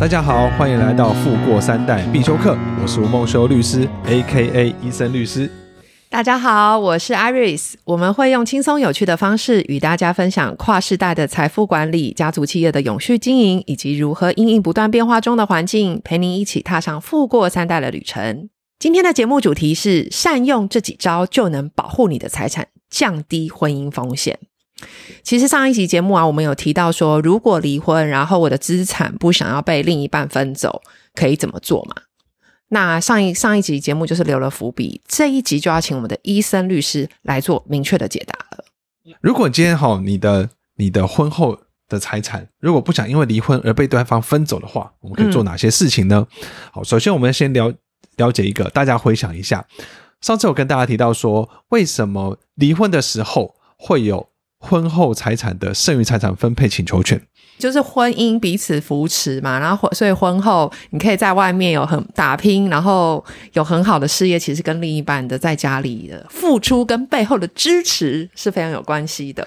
大家好，歡迎來到《富過三代必修課》，我是吳孟修律師 （A.K.A. 伊森律師）。大家好，我是 Iris，我們會用輕鬆有趣的方式與大家分享跨世代的財富管理、家族企業的永續經營，以及如何因應不斷變化中的環境，陪您一起踏上富過三代的旅程。今天的節目主題是：善用這幾招，就能保護你的財產，降低婚姻風險。其實上一集節目啊，我們有提到說，如果離婚，然後我的資產不想要被另一半分走，可以怎麼做嘛？那上一上一集節目就是留了伏筆，這一集就要請我們的伊森律師來做明確的解答了。如果你今天哈、哦，你的你的婚後的財產，如果不想因為離婚而被對方分走的話，我們可以做哪些事情呢？嗯、好，首先我們先了了解一個，大家回想一下，上次我跟大家提到說，為什麼離婚的時候會有婚後財產的剩餘財產分配請求權，就是婚姻彼此扶持嘛，然後婚，所以婚後你可以在外面有很打拼，然後有很好的事業，其實跟另一半的在家裡的付出跟背後的支持是非常有關係的。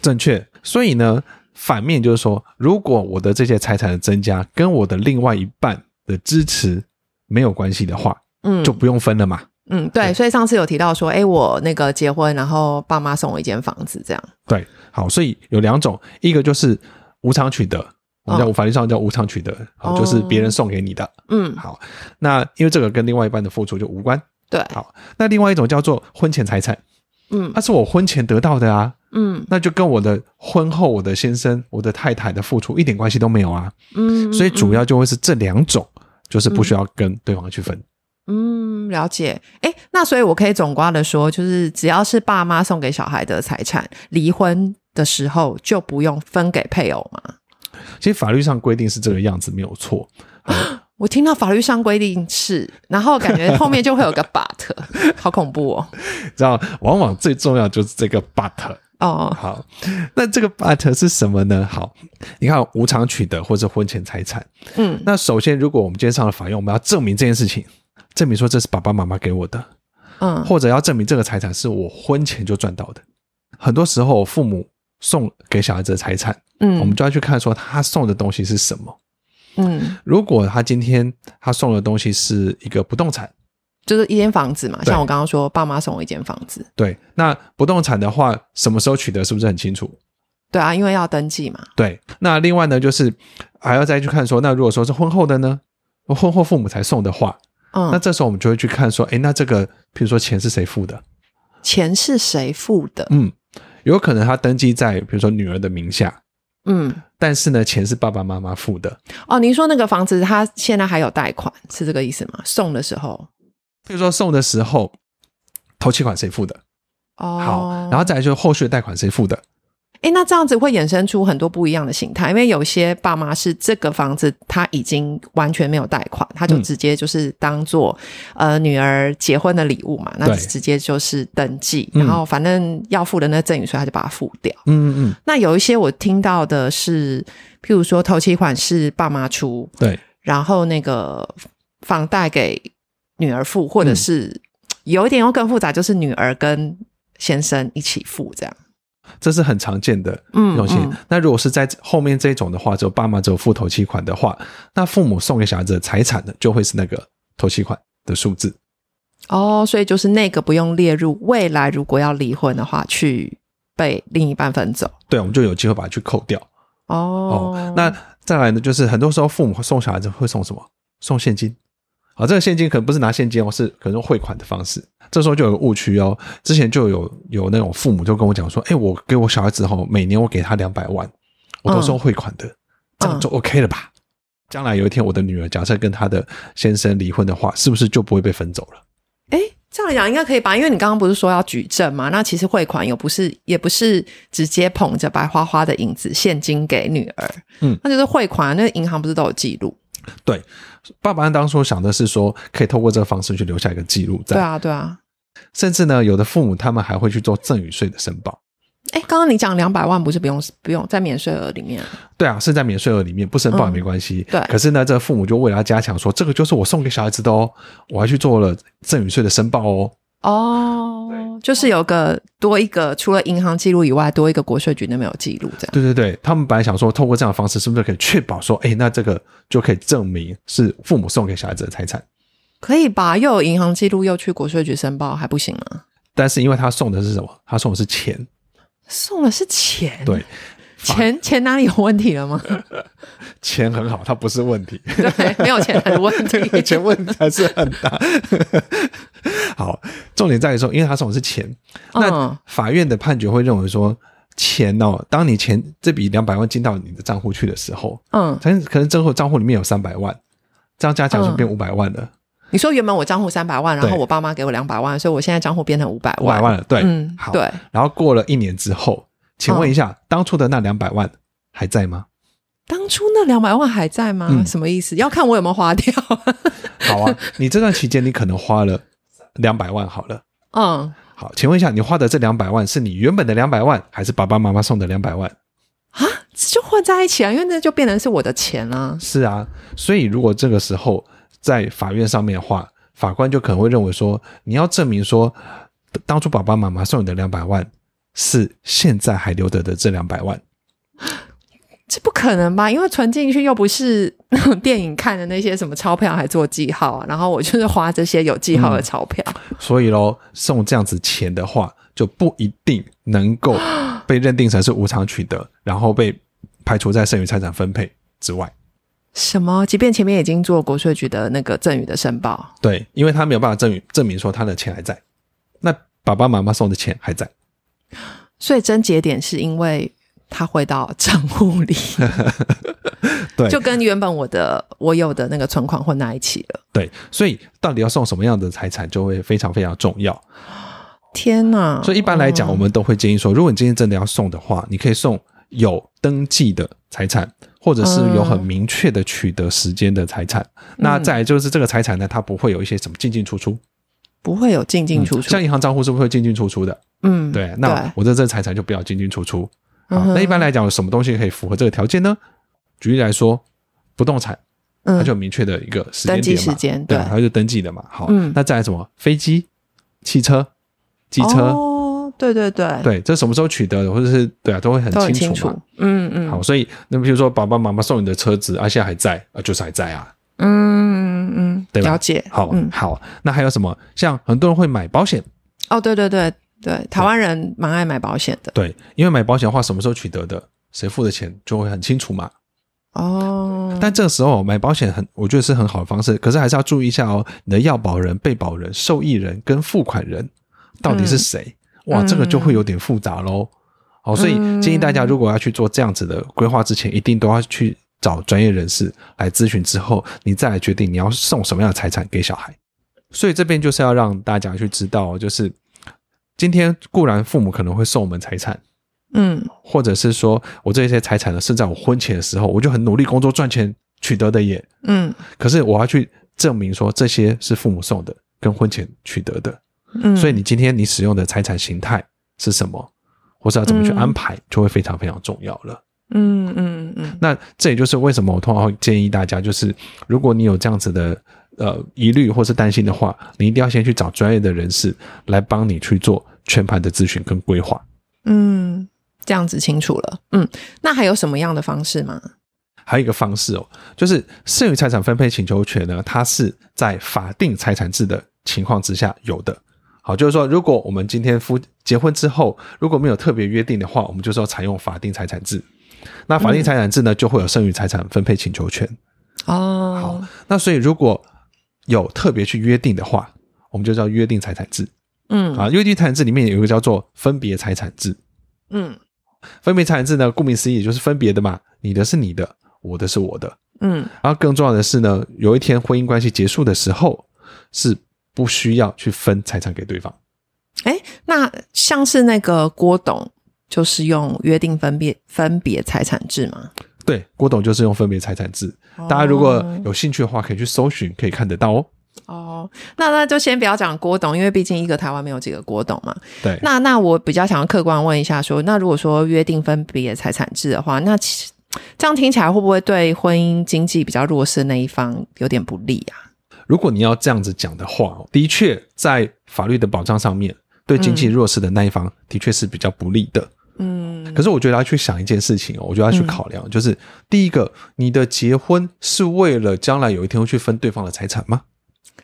正確。所以呢，反面就是說，如果我的這些財產的增加跟我的另外一半的支持沒有關係的話，嗯，就不用分了嘛。嗯嗯，對，所以上次有提到說，誒、欸欸，我那個結婚，然後爸媽送我一間房子，這樣。對，好，所以有兩種，一個就是無償取得，我們叫法律上叫無償取得、哦，好，就是別人送給你的。嗯，好，那因為這個跟另外一半的付出就無關。對，好，那另外一種叫做婚前財產。嗯，那、啊、是我婚前得到的啊。嗯，那就跟我的婚後我的先生、我的太太的付出一點關係都沒有啊。嗯，所以主要就會是這兩種、嗯，就是不需要跟對方去分。嗯。嗯了解，誒、欸，那所以我可以總括的說，就是只要是爸媽送給小孩的財產，離婚的時候就不用分給配偶嗎？其實法律上規定是這個樣子，沒有錯、啊。我聽到法律上規定是，然後感覺後面就會有個 but， 好恐怖哦。知道，往往最重要就是這個 but 哦。好，那這個 but 是什麼呢？好，你看無償取得或者婚前財產，嗯，那首先如果我們今天上了法院，我們要證明這件事情。證明說這是爸爸媽媽給我的，嗯，或者要證明這個財產是我婚前就賺到的。很多時候，父母送給小孩子的財產，嗯，我們就要去看說他送的東西是什麼。嗯，如果他今天他送的東西是一個不動產，就是一間房子嘛，像我剛剛說，爸媽送我一間房子。對，那不動產的話，什麼時候取得是不是很清楚？對啊，因為要登記嘛。對，那另外呢，就是還要再去看說，那如果說是婚後的呢？婚後父母才送的話。嗯、那這時候我們就會去看說，誒、欸，那這個，比如說錢是誰付的？錢是誰付的？嗯，有可能他登記在比如說女兒的名下，嗯，但是呢，錢是爸爸媽媽付的。哦，您說那個房子他現在還有貸款，是這個意思嗎？送的時候，比如說送的時候，頭期款誰付的？哦，好，然後再來就是後續的貸款誰付的？欸，那這樣子會衍生出很多不一樣的形態，因為有些爸媽是這個房子他已經完全沒有貸款，他就直接就是當做、嗯、呃女兒結婚的禮物嘛，那直接就是登記、嗯，然後反正要付的那個贈與稅他就把它付掉。嗯嗯，嗯。那有一些我聽到的是，譬如說，頭期款是爸媽出，對，然後那個房貸給女兒付，或者是、嗯、有一點又更複雜，就是女兒跟先生一起付這樣。這是很常見的東西，嗯嗯。那如果是在後面這種的話，就爸媽只有付頭期款的話，那父母送給小孩子的財產呢，就會是那個頭期款的數字。哦，所以就是那個不用列入，未來如果要離婚的話，去被另一半分走。對，我們就有機會把它去扣掉。哦。哦，那再來呢，就是很多時候父母送小孩子會送什麼？送現金。啊，這個現金可能不是拿現金，我是可能用匯款的方式。這時候就有個誤區哦。之前就有有那種父母就跟我講說：“哎，我給我小孩子哈，每年我給他兩百萬，我都收匯款的，嗯、這樣就 OK 了吧、嗯？將來有一天我的女兒假設跟她的先生離婚的話，是不是就不會被分走了？”哎，這樣來講應該可以吧？因為你剛剛不是說要舉證嘛。那其實匯款又不是，也不是直接捧着白花花的銀子現金給女兒，嗯，那就是匯款，那個、銀行不是都有記錄？對，爸爸當初想的是說，可以透過這個方式去留下一個記錄。對啊，對啊。甚至呢，有的父母他們還會去做贈與稅的申報。哎，剛剛你講兩百萬不是不用不用在免稅額裡面？對啊，是在免稅額裡面，不申報也沒關係。嗯、對。可是呢，這個、父母就為了加強說，這個就是我送給小孩子的哦，我還去做了贈與稅的申報哦。哦。就是有個多一個，除了銀行記錄以外，多一個國稅局都沒有記錄，這樣。對對對，他們本來想說，透過這樣的方式，是不是可以確保說，哎、欸，那這個就可以證明是父母送給小孩子的財產？可以吧？又有銀行記錄，又去國稅局申報，還不行嗎？但是因為他送的是什麼？他送的是錢，送的是錢。對，錢、啊、錢哪裡有問題了嗎？ 錢很好，它不是問題。 對，沒有錢很問題， 錢問題還是很大。 好，重點在於說，因為他送的是錢，那法院的判決會認為說，嗯、錢哦，當你錢這筆兩百萬進到你的賬戶去的時候，嗯，可能可能最後帳戶裡面有三百萬，這樣加起來就變五百萬了，嗯。你說原本我賬戶三百萬，然後我爸媽給我兩百萬，所以我現在賬戶變成五百萬，五百萬了對，嗯，對，好，然後過了一年之後，請問一下，嗯，當初的那兩百萬還在嗎？當初那兩百萬還在嗎，嗯？什麼意思？要看我有沒有花掉。 好啊，你這段期間你可能花了。兩百萬好了，嗯，好，請問一下，你花的這兩百萬是你原本的兩百萬，還是爸爸媽媽送的兩百萬？啊，這就混在一起啊，因為那就變成是我的錢了啊。是啊，所以如果這個時候在法院上面的話，法官就可能會認為說，你要證明說，當初爸爸媽媽送你的兩百萬是現在還留得的這兩百萬。這不可能吧？因為存進去又不是電影看的那些什麼鈔票，還做記號啊。然後我就是花這些有記號的鈔票、嗯。所以咯，送這樣子錢的話，就不一定能夠被認定成是無償取得， 然後被排除在剩餘財產分配之外。什麼？即便前面已經做國稅局的那個贈與的申報，對，因為他沒有辦法證明證明說他的錢還在。那爸爸媽媽送的錢還在，所以癥結點是因為。他匯到賬戶裡 ， 對，就跟原本我的我有的那個存款混在一起了。對，所以到底要送什麼樣的財產，就會非常非常重要。天哪！所以一般來講、嗯，我們都會建議說，如果你今天真的要送的話，你可以送有登記的財產，或者是有很明確的取得時間的財產、嗯。那再來就是這個財產呢，它不會有一些什麼進進出出，不會有進進出出。嗯、像銀行賬戶是不是會進進出出的？嗯，對。那我這這財產就不要進進出出。啊，那一般來講，有什麼東西可以符合這個條件呢？舉例來說，不動產，它就有明確的一個時間點、嗯、登記時間，對，對、啊，它就登記的嘛。好、嗯，那再來什麼飛機、汽車、機車，哦，對對對，對，這什麼時候取得的，或者是對啊，都會很清楚嘛，很清楚。嗯嗯，好，所以那比如說爸爸媽媽送你的車子，啊，現在還在啊，就是還在啊。嗯嗯，嗯，對吧，了解。好，嗯好。好，那還有什麼？像很多人會買保險。哦，對對對。對，台灣人蠻愛買保險的。對，因為買保險的話，什麼時候取得的，誰付的錢，就會很清楚嘛。哦、oh.。但這個時候買保險很，我覺得是很好的方式。可是還是要注意一下哦，你的要保人、被保人、受益人跟付款人到底是誰、嗯。哇，這個就會有點複雜嘍。哦、嗯，所以建議大家如果要去做這樣子的規劃，之前、嗯、一定都要去找專業人士來諮詢，之後你再來決定你要送什麼樣的財產給小孩。所以這邊就是要讓大家去知道、哦，就是。今天固然父母可能會送我們財產，嗯，或者是說我這些財產呢是在我婚前的時候，我就很努力工作賺錢取得的也，嗯，可是我要去證明說這些是父母送的跟婚前取得的，嗯，所以你今天你使用的財產形態是什麼，或是要怎麼去安排，就會非常非常重要了，嗯嗯嗯，那這也就是為什麼我通常會建議大家，就是如果你有這樣子的。呃，疑慮或是擔心的話，你一定要先去找專業的人士來幫你去做全盤的諮詢跟規劃。嗯，這樣子清楚了。嗯，那還有什麼樣的方式嗎？還有一個方式哦，就是剩餘財產分配請求權呢，它是在法定財產制的情況之下有的。好，就是說，如果我們今天夫結婚之後，如果沒有特別約定的話，我們就是要採用法定財產制。那法定財產制呢，嗯，就會有剩餘財產分配請求權。哦，好，那所以如果有特別去約定的話，我們就叫約定財產制。嗯，啊，約定財產制裡面有一個叫做分別財產制。嗯，分別財產制呢，顧名思義也就是分別的嘛，你的是你的，我的是我的。嗯，然後更重要的是呢，有一天婚姻關係結束的時候，是不需要去分財產給對方。哎、欸，那像是那個郭董，就是用約定分別分別財產制嗎？對，郭董就是用分別財產制。哦、大家如果有興趣的話，可以去搜尋，可以看得到哦。哦，那那就先不要講郭董，因為畢竟一個台灣沒有幾個郭董嘛。對，那那我比較想要客觀問一下說，說那如果說約定分別財產制的話，那這樣聽起來會不會對婚姻經濟比較弱勢的那一方有點不利啊？如果你要這樣子講的話，的確在法律的保障上面，對經濟弱勢的那一方、嗯、的確是比較不利的。嗯，可是我覺得要去想一件事情哦，我覺得要去考量，嗯，就是第一個，你的結婚是為了將來有一天會去分對方的財產嗎？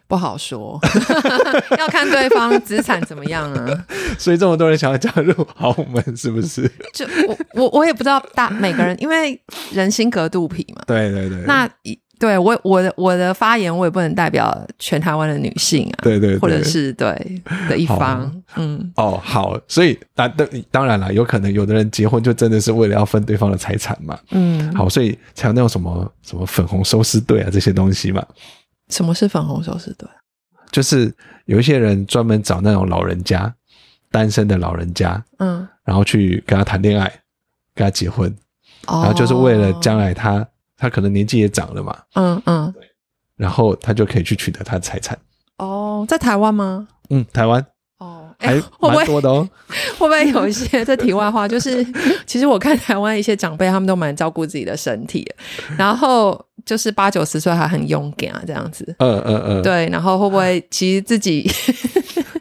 不好說， 要看對方資產怎麼樣啊。 所以這麼多人想要加入豪門，是不是？就我我，我也不知道大，每個人，因為人心隔肚皮嘛。 對對對。那一。對我我的我的發言，我也不能代表全台灣的女性啊，對對、對，或者是對的一方，嗯，哦好，所以當當、啊、當然了，有可能有的人結婚就真的是為了要分對方的財產嘛，嗯，好，所以才有那種什麼什麼粉紅收屍隊啊這些東西嘛。什麼是粉紅收屍隊？就是有一些人專門找那種老人家單身的老人家，嗯，然後去跟他談戀愛，跟他結婚，哦、然後就是為了將來他。他可能年紀也長了嘛，嗯嗯，然後他就可以去取得他的財產。哦，在台灣嗎？嗯，台灣。哦，哎、哦欸，會不會 會不會有一些這題外話？就是 其實我看台灣一些長輩他們都蠻照顧自己的身體的，然後就是八九十歲還很勇敢啊，這樣子。嗯嗯嗯，對。然後會不會其實自己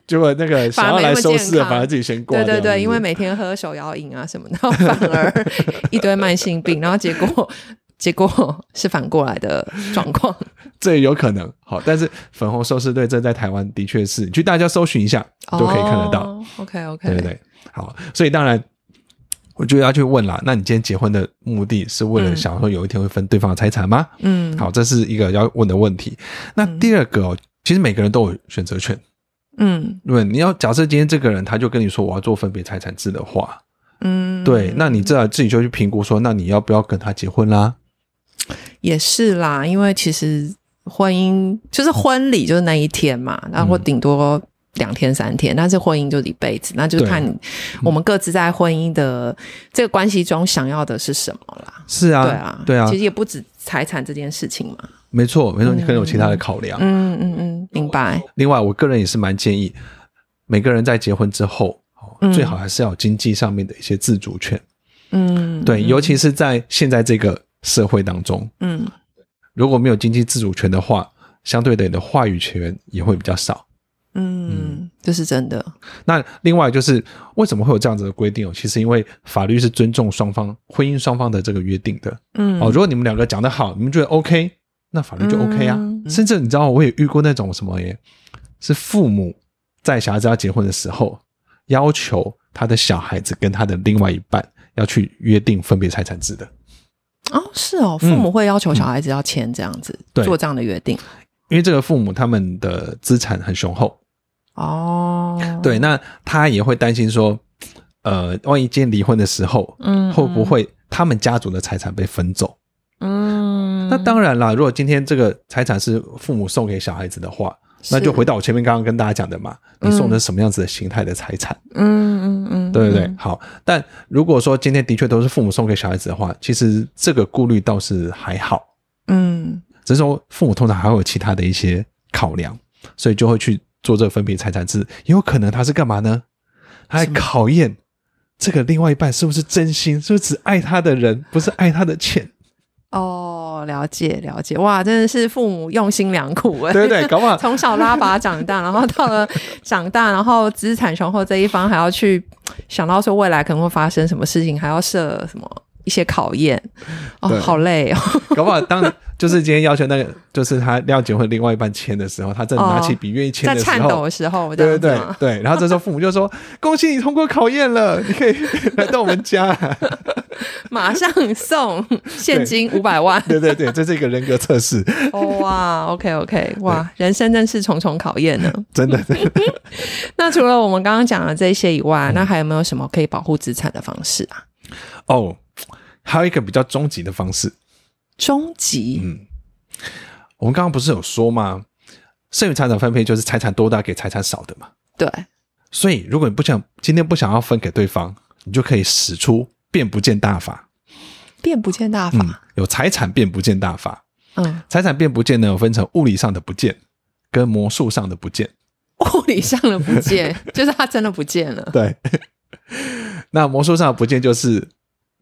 結、嗯、果 那個反而來收拾啊？反而自己先過。 對，對對對，因為每天喝手搖飲啊什麼的，然後反而一堆慢性病， 然後結果。結果是反過來的狀況，這也有可能。好，但是粉紅收屍隊這在台灣的確是就去大家搜尋一下都可以看得到。Oh, OK OK，對不對？對。好，所以當然我就要去問啦。那你今天結婚的目的是為了想說有一天會分對方的財產嗎？嗯，好，這是一個要問的問題。嗯，那第二個，其實每個人都有選擇權。嗯，對，你要假設今天這個人他就跟你說我要做分別財產制的話，嗯，對，那你這自己就去評估說，那你要不要跟他結婚啦？也是啦，因為其實婚姻就是婚禮，就是那一天嘛，哦，然後頂多兩天三天，嗯，但是婚姻就是一輩子，嗯，那就是看你，嗯，我們各自在婚姻的這個關係中想要的是什麼啦。是啊，對啊，對啊，其實也不止財產這件事情嘛。沒錯，啊，沒錯，你可能有其他的考量。嗯嗯嗯，明白。另外，我個人也是蠻建議，每個人在結婚之後，嗯，最好還是要有經濟上面的一些自主權。嗯，對，嗯，尤其是在現在這個。社會當中，嗯，如果沒有經濟自主權的話，相對的的話語權也會比較少嗯，嗯，這是真的。那另外就是，為什麼會有這樣子的規定哦？其實因為法律是尊重雙方婚姻雙方的這個約定的，嗯，哦，如果你們兩個講得好，你們覺得 OK，那法律就 OK 啊。嗯嗯、甚至你知道，我也遇過那種什麼耶，是父母在小孩子要結婚的時候，要求他的小孩子跟他的另外一半要去約定分別財產制的。哦，是哦，父母會要求小孩子要簽這樣子、嗯嗯，做這樣的約定，因為這個父母他們的資產很雄厚。哦，對，那他也會擔心說，呃，萬一今天離婚的時候，嗯，會不會他們家族的財產被分走？嗯，那當然啦，如果今天這個財產是父母送給小孩子的話。那就回到我前面剛剛跟大家講的嘛、嗯，你送的是什麼樣子的形態的財產？嗯嗯嗯，對對對。好，但如果說今天的確都是父母送給小孩子的話，其實這個顧慮倒是還好。嗯，只是說父母通常還會有其他的一些考量，所以就會去做這個分別財產制。也有可能他是幹嘛呢？他在考驗這個另外一半是不是真心，是不是只愛他的人，不是愛他的錢。哦，了解了解，哇，真的是父母用心良苦哎！對對搞不好 從小拉拔長大，然後到了長大， 然後資產雄厚這一方還要去想到說未來可能會發生什麼事情，還要設什麼一些考驗，哦，好累！哦。搞不好當就是今天要求那個，就是他要結婚，另外一半簽的時候，他正拿起筆願意簽、哦、在顫抖的時候，對對對對，然後這時候父母就說：“ 恭喜你通過考驗了，你可以來到我們家。 ”馬上送現金五百萬。對對對， 這是一個人格測試。哇，OK OK，哇、wow，人生真是重重考驗呢。真的。對對對 那除了我們剛剛講的這些以外，嗯、那還有沒有什麼可以保護資產的方式啊？哦，還有一個比較終極的方式。終極？嗯。我們剛剛不是有說嗎？剩餘財產分配就是財產多的給財產少的嘛。對。所以，如果你不想今天不想要分給對方，你就可以使出。變不見大法，變不見大法。嗯、有財產變不見大法，嗯，財產變不見呢，有分成物理上的不見跟魔術上的不見。物理上的不見， 就是它真的不見了。對。 那魔術上的不見，就是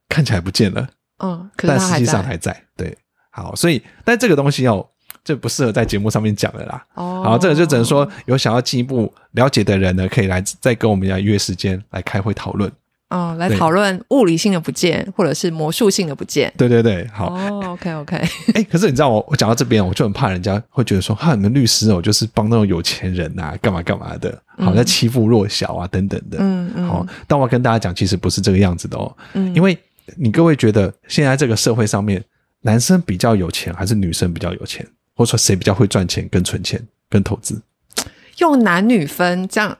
看起來不見了。嗯，可是但實際上還在。對，好，所以但這個東西要、哦、就不適合在節目上面講的啦。哦。好，這個就只能說有想要進一步了解的人呢，可以來再跟我們要約時間來開會討論。哦，來討論物理性的不見，或者是魔術性的不見。對對對，好。哦、OK, OK。哎、欸，可是你知道我，我講到這邊，我就很怕人家會覺得說，哈、 啊，你們律師哦，我就是幫那種有錢人啊，幹嘛幹嘛的，好、嗯、在欺負弱小啊，等等的。嗯嗯。但我要跟大家講，其實不是這個樣子的哦。嗯。因為你各位覺得，現在這個社會上面，男生比較有錢，還是女生比較有錢？或者說誰比較會賺錢、跟存錢、跟投資？用男女分這樣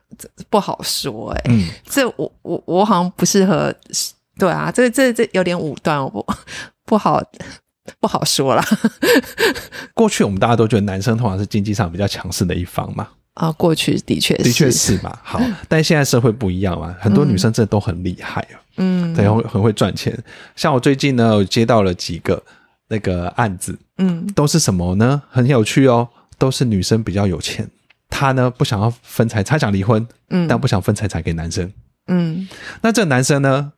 不好說。哎、欸嗯，這我我我好像不適合。對啊，這這這有點武斷，我不好不好說了。過去我們大家都覺得男生通常是經濟上比較強勢的一方嘛，啊，過去的確的確是嘛。好，但現在社會不一樣了，啊，很多女生真的都很厲害，啊、嗯，對，很會賺錢。像我最近呢，我接到了幾個那個案子，嗯，都是什麼呢？很有趣哦，都是女生比較有錢。他呢，不想要分財，他想離婚，嗯，但不想分財產給男生，嗯，那這個男生呢，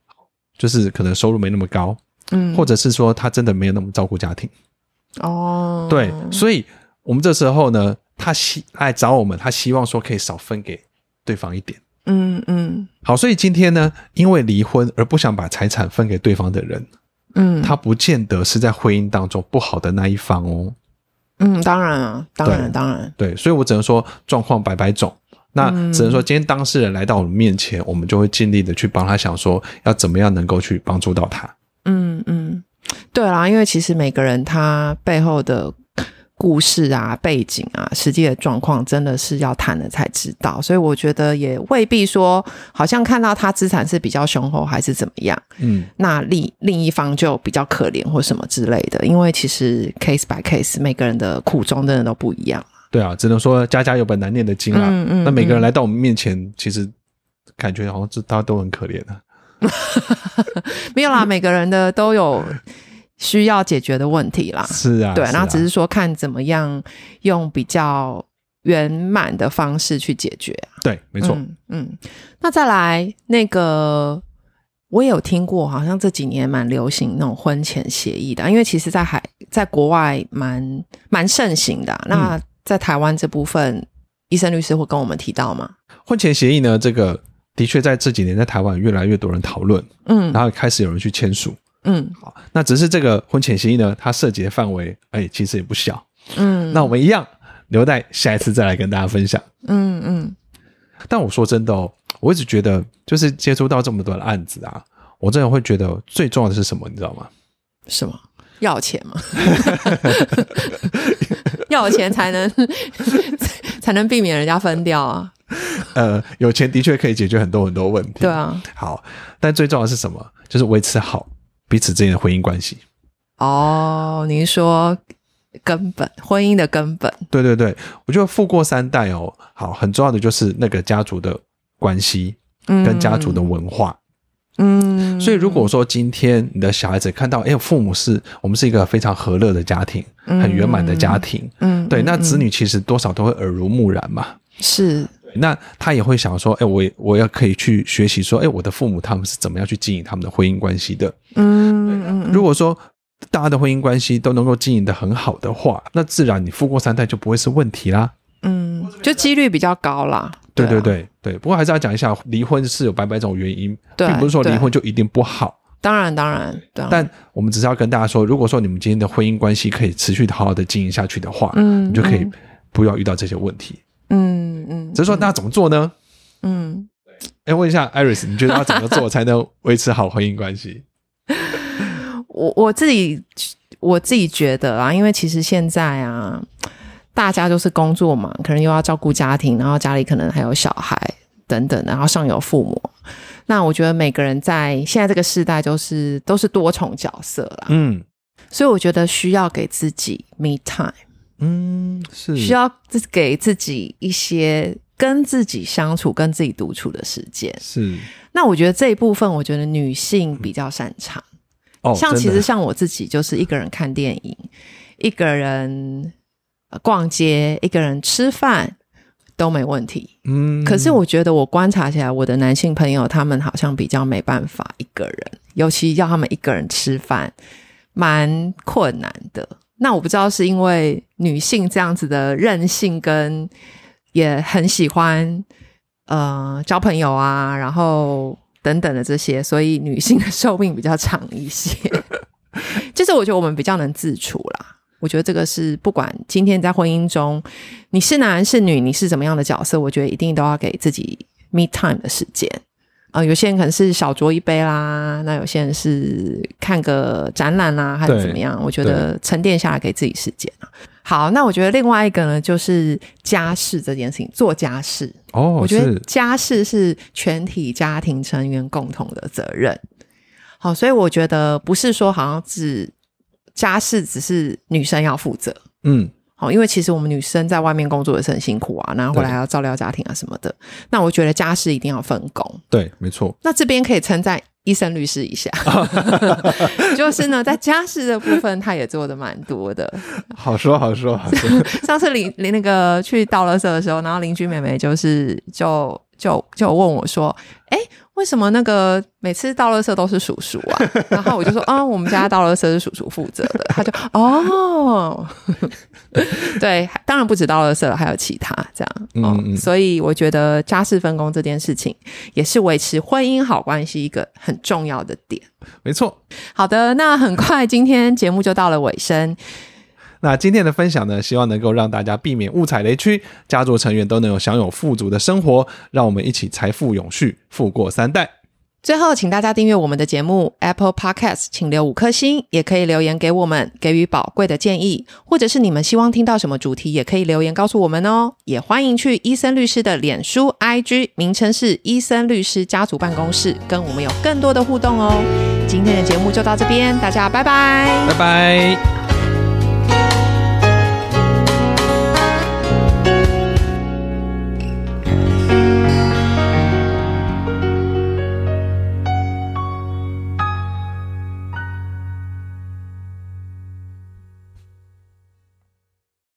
就是可能收入沒那麼高，嗯，或者是說他真的沒有那麼照顧家庭，哦，對，所以我們這時候呢，他希來找我們，他希望說可以少分給對方一點，嗯嗯，好，所以今天呢，因為離婚而不想把財產分給對方的人，嗯，他不見得是在婚姻當中不好的那一方哦。嗯，當然啊，當然，當然，對，所以我只能說狀況百百種，嗯，那只能說今天當事人來到我們面前，我們就會盡力的去幫他想說，要怎麼樣能夠去幫助到他。嗯嗯，對啊，因為其實每個人他背後的。故事啊，背景啊，實際的狀況真的是要談了才知道，所以我覺得也未必說，好像看到他資產是比較雄厚，還是怎麼樣？嗯，那另另一方就比較可憐或什麼之類的，因為其實 case by case，每個人的苦衷真的都不一樣。對啊，只能說家家有本難念的經啊。嗯嗯嗯，那每個人來到我們面前，其實感覺好像是大家都很可憐的啊， 沒有啦，每個人的都有。 需要解決的問題啦，是啊，對，啊、然後只是說看怎麼樣用比較圓滿的方式去解決、啊，對，沒錯、嗯，嗯，那再來那個我也有聽過，好像這幾年蠻流行那種婚前協議的，因為其實在海在國外蠻蠻盛行的、啊嗯。那在台灣這部分，伊森律師會跟我們提到嗎？婚前協議呢？這個的確在這幾年在台灣越來越多人討論，嗯，然後開始有人去簽署。嗯嗯，好，那只是這個婚前協議呢，它涉及的範圍，哎、欸，其實也不小。嗯，那我們一樣留待下一次再來跟大家分享。嗯嗯，但我說真的哦，我一直覺得，就是接觸到這麼多的案子啊，我真的會覺得最重要的是什麼？你知道嗎？什麼？要錢嗎？ 要錢才能 才能避免人家分掉啊。呃，有錢的確可以解決很多很多問題。對啊。好，但最重要的是什麼？就是維持好。彼此之間的婚姻關係哦，您說根本，婚姻的根本，對對對，我覺得富過三代哦，好，很重要的就是那個家族的關係，嗯，跟家族的文化，嗯，所以如果說今天你的小孩子看到，哎、嗯，父母，是我們是一個非常和樂的家庭，嗯、很圓滿的家庭嗯嗯，嗯，對，那子女其實多少都會耳濡目染嘛，是。那他也會想說，哎，我我要可以去學習說，哎，我的父母他們是怎麼樣去經營他們的婚姻關係的？嗯，對啊、嗯，如果說大家的婚姻關係都能夠經營得很好的話，那自然你富過三代就不會是問題啦。嗯，就幾率比較高啦。對對對對，對啊、對，不過還是要講一下，離婚是有百百種原因，對，並不是說離婚就一定不好。當然當然對、啊，但我們只是要跟大家說，如果說你們今天的婚姻關係可以持續好好的經營下去的話，嗯，你就可以不要遇到這些問題。嗯嗯嗯，只是說那怎麼做呢？嗯，哎、嗯欸，問一下，Iris，你覺得要怎麼做才能維持好婚姻關係？ 我我自己我自己覺得啊，因為其實現在啊，大家都是工作嘛，可能又要照顧家庭，然後家裡可能還有小孩等等，然後上有父母。那我覺得每個人在現在這個世代都、就是都是多重角色啦。嗯，所以我覺得需要給自己 me time。嗯，是需要自給自己一些跟自己相處、跟自己獨處的時間。是，那我覺得這一部分，我覺得女性比較擅長。嗯、像其實像我自己，就是一個人看電影、哦、一個人逛街、一個人吃飯都沒問題。嗯，可是我覺得我觀察起來，我的男性朋友他們好像比較沒辦法一個人，尤其要他們一個人吃飯，蠻困難的。那我不知道是因為女性這樣子的韌性，跟也很喜歡呃交朋友啊，然後等等的這些，所以女性的壽命比較長一些。就 是我覺得我們比較能自處啦，我覺得這個是不管今天在婚姻中你是男是女，你是怎麼樣的角色，我覺得一定都要給自己 me time 的時間。哦、呃，有些人可能是小酌一杯啦，那有些人是看個展覽啦，還是怎麼樣？我覺得沉澱下來給自己時間。好，那我覺得另外一個呢，就是家事這件事情，做家事。哦、oh,，我覺得家事是全體家庭成員共同的責任。好，所以我覺得不是說好像只家事只是女生要負責。嗯。好，因為其實我們女生在外面工作也是很辛苦啊，然後回來還要照料家庭啊什麼的。那我覺得家事一定要分工。對，沒錯。那這邊可以稱讚伊森律師一下， 就是呢，在家事的部分，他也做得蠻多的。 好說好說好說。 上次鄰鄰那個去倒垃圾的時候，然後鄰居妹妹就是就就就問我說：“哎、欸。”為什麼那個每次倒垃圾都是叔叔啊？然後我就說 啊，我們家倒垃圾是叔叔負責的。他就哦， 對，當然不止倒垃圾了，還有其他這樣。哦、嗯、嗯，所以我覺得家事分工這件事情也是維持婚姻好關係一個很重要的點。沒錯。好的，那很快今天節目就到了尾聲。那今天的分享呢，希望能夠讓大家避免誤踩雷區，家族成員都能有享有富足的生活，讓我們一起財富永續，富過三代。最後，請大家訂閱我們的節目 Apple Podcast，請留五顆星，也可以留言給我們，給予寶貴的建議，或者是你們希望聽到什麼主題，也可以留言告訴我們哦。也歡迎去伊森律師的臉書 IG，名稱是伊森律師家族辦公室，跟我們有更多的互動哦。今天的節目就到這邊，大家拜拜，拜拜。